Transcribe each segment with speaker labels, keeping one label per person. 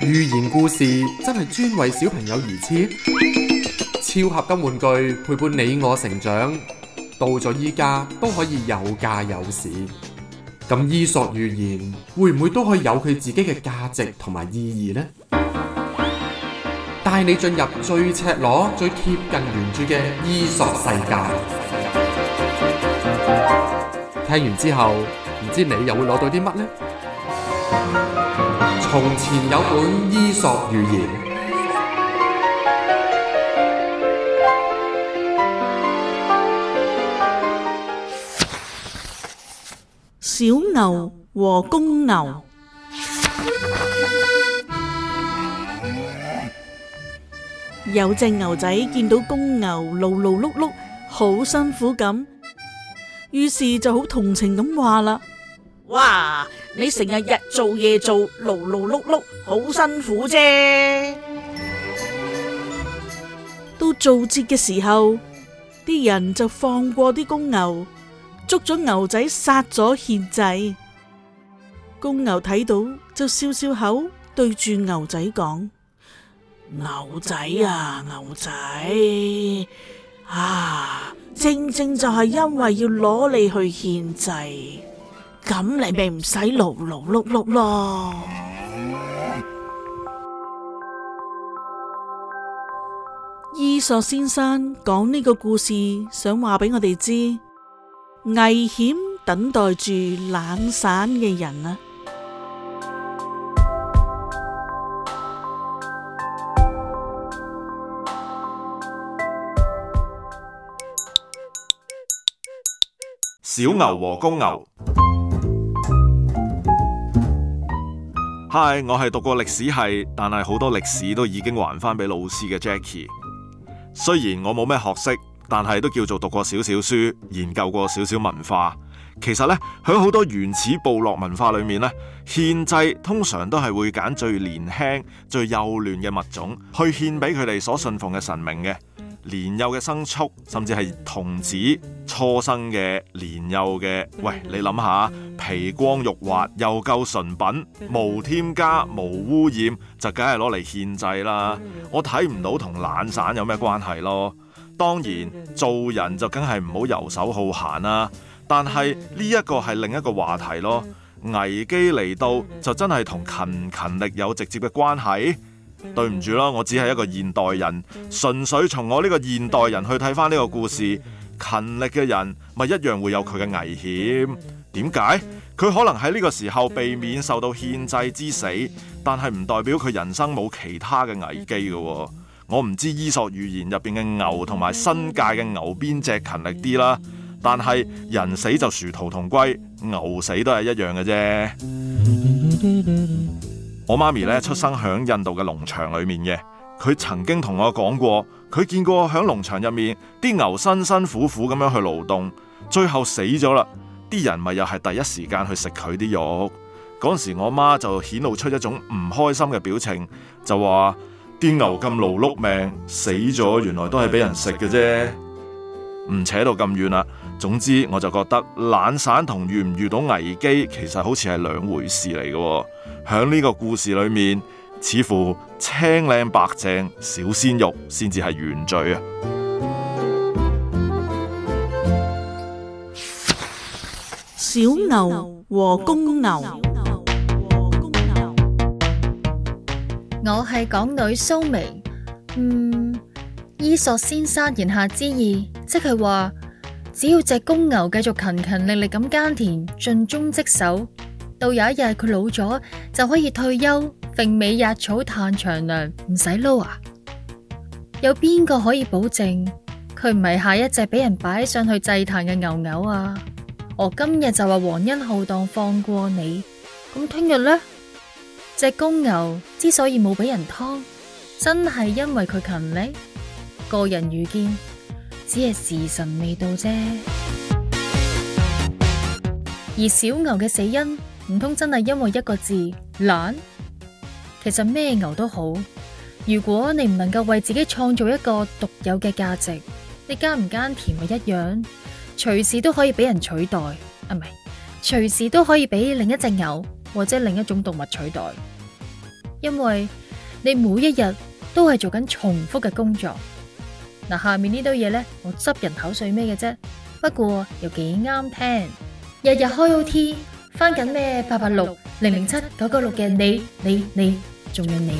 Speaker 1: 寓言故事真係專為小朋友而設，超合金玩具陪伴你我成長，到咗依家都可以有價有市。咁伊索寓言會唔會都可以有佢自己嘅價值同埋意義呢？帶你進入最赤裸、最貼近原著嘅伊索世界。聽完之後，唔知你又會攞到啲乜呢？從前有本伊索寓言，
Speaker 2: 小牛和公牛。有隻牛仔見到公牛碌碌碌碌，好辛苦咁，於是就好同情咁話啦：哇！你成日日做夜做，勞勞碌碌，好辛苦啫。到做節嘅時候，啲人就放過啲公牛，捉咗牛仔，殺咗獻祭。公牛睇到就笑笑口，對住牛仔講：牛仔啊，牛仔啊，正正就係因為要攞你去獻祭。咁你咪唔使勞勞碌碌咯。伊索先生講呢個故事，想話俾我哋知，危險等待住懶散嘅人。
Speaker 1: 小牛和公牛。Hi, 我係讀過歷史系，但係好多歷史都已經還翻俾老師嘅 Jackie。雖然我冇咩學識，但係都叫做讀過少少書，研究過少少文化。其實呢，喺好多原始部落文化裏面呢，獻祭通常都係會揀最年輕、最幼嫩嘅物種去獻俾佢哋所信奉嘅神明嘅。年幼嘅牲畜，甚至係童子初生嘅年幼嘅，喂，你諗下，皮光肉滑又夠純品，無添加無污染，就梗係攞嚟獻祭啦。我睇唔到同懶散有咩關係咯。當然做人就梗係唔好遊手好閒啦，啊。但係呢一個係另一個話題咯。危機嚟到就真係同勤勤力有直接嘅關係。對唔住啦，我只係一個現代人，純粹從我呢個現代人去睇翻呢個故事。勤力嘅人咪一樣會有佢嘅危險，點解？佢可能喺呢個時候避免受到獻祭之死，但係唔代表佢人生冇其他嘅危機噶。我唔知《伊索寓言》入邊嘅牛同埋新界嘅牛邊隻勤力啲啦，但係人死就殊途同歸，牛死都係一樣嘅啫。我媽咪咧出生喺印度嘅農場裏面嘅，佢曾經同我講過，佢見過響農場入面啲牛辛辛苦苦咁樣去勞動，最後死咗啦，啲人咪又係第一時間去食佢啲肉。嗰時我媽就顯露出一種唔開心嘅表情，就話啲牛咁勞碌命，死咗原來都係俾人食嘅啫，唔扯到咁遠啦。總之我就覺得懶散同遇唔遇到危機，其實好似係兩回事嚟嘅喎。喺呢個故事裏面，似乎青靚白淨小鮮肉先至係原罪
Speaker 2: 啊！小牛和公牛，我係港女蘇眉。嗯，伊索
Speaker 3: 先生言下之意，即係話。只要隻公牛繼續勤勤力力咁耕田，盡忠職守，到有一日佢老咗，就可以退休，馀尾日草嘆長糧，唔使撈啊！有邊個可以保證佢唔係下一隻俾人擺上去祭壇嘅牛牛啊？我今日就話皇恩浩蕩放過你，咁聽日呢，隻公牛之所以冇俾人劏，真係因為佢勤力，個人愚見。只係時辰未到啫，而小牛嘅死因唔通真係因為一個字懶？其實咩牛都好，如果你唔能夠為自己創造一個獨有嘅價值，你耕唔耕田咪一樣，隨時都可以俾人取代，啊唔係，隨時都可以俾另一隻牛或者另一種動物取代，因為你每一日都係做緊重複嘅工作。嗱，下面呢堆嘢咧，我執人口碎咩嘅啫。不過又幾啱聽，日日開 OT，翻緊咩八八六零零七九九六嘅你你你，仲要你，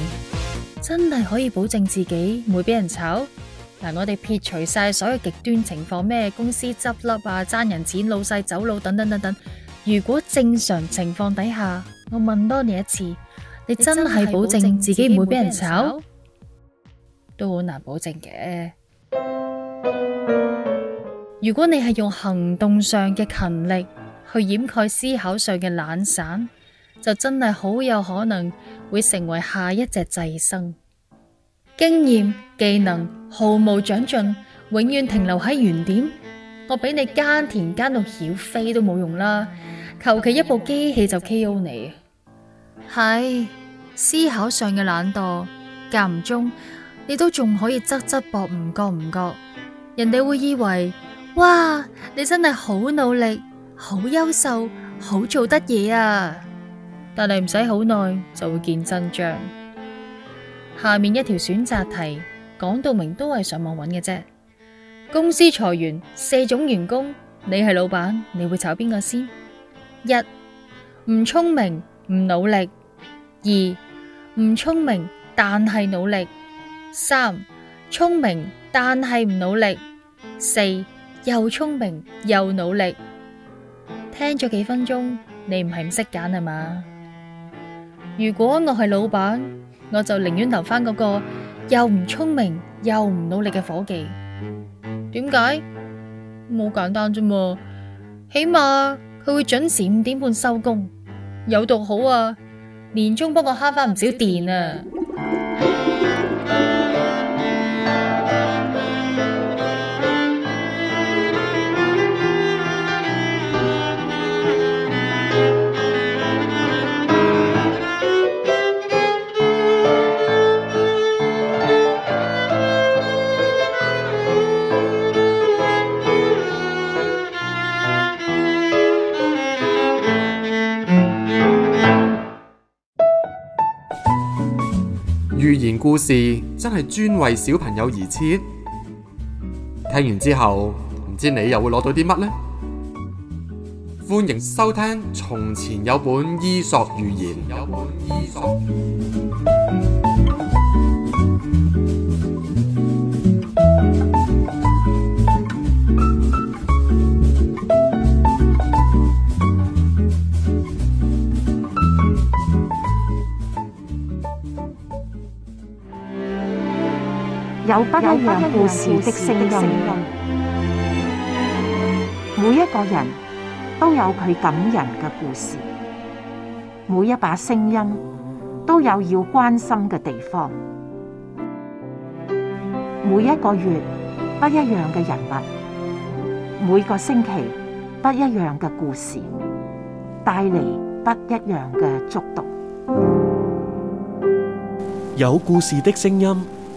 Speaker 3: 真係可以保證自己唔會俾人炒？嗱，我哋撇除晒所有極端情況咩，公司執笠啊，爭人錢，老細走佬等等等等。如果正常情況底下，我問多你一次，你真係保證自己唔會俾人炒？都好難保證嘅。如果你係用行動上嘅勤力去掩蓋思考上嘅懶散，就真係好有可能會成為下一隻祭牲。經驗技能毫無長進，永遠停留喺原點。我俾你耕田耕到曉飛都冇用啦，求其一部機器就 K.O. 你。喺思考上嘅懶惰，間唔中你都仲可以側側膊唔覺唔覺，人哋會以為。哇！你真係好努力、好優秀、好做得嘢啊！但係唔使好耐就會見真章。下面一條選擇題講到明都係上網揾嘅啫。公司裁員四種員工，你係老闆，你會炒邊個先？一唔聰明唔努力；二唔聰明但係努力；三聰明但係唔努力；四。又聰明又努力，聽咗幾分鐘，你唔係唔識揀吖嘛？如果我係老闆，我就寧願留翻嗰個又唔聰明又唔努力嘅伙計。點解？好簡單啫嘛，起碼佢會準時五點半收工，有度好啊，年終幫我慳翻唔少電啊！
Speaker 1: 言故事真係專為小朋友而設，聽完之後唔知你又會攞到啲乜呢？歡迎收聽《從前有本伊索寓言》有本伊索言。
Speaker 3: 有不一樣故事的聲音，每一個人都有佢感人嘅故事，每一把聲音都有要關心嘅地方，每一個月不一樣嘅人物，每個星期不一樣嘅故事，帶嚟不一樣嘅觸動。
Speaker 1: 有故事的聲音。